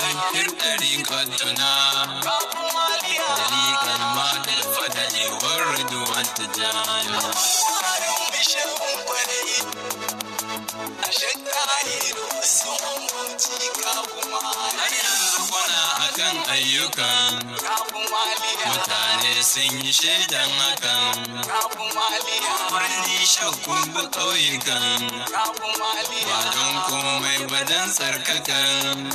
ɗahir ɗari katuna dalikan matar fatalewar raduwan ta jana kan ayyukan mutane sun yi shaidan hakan birni shakkun bi ƙauyukan ba don komai ba don tsarkakan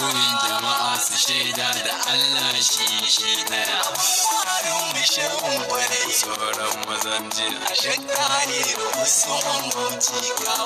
burin jama'a su shaida da Allah shi shi daya. Tsarin bishiyun bane tsoron mazan jiya. Shakka ne da wasu mamauci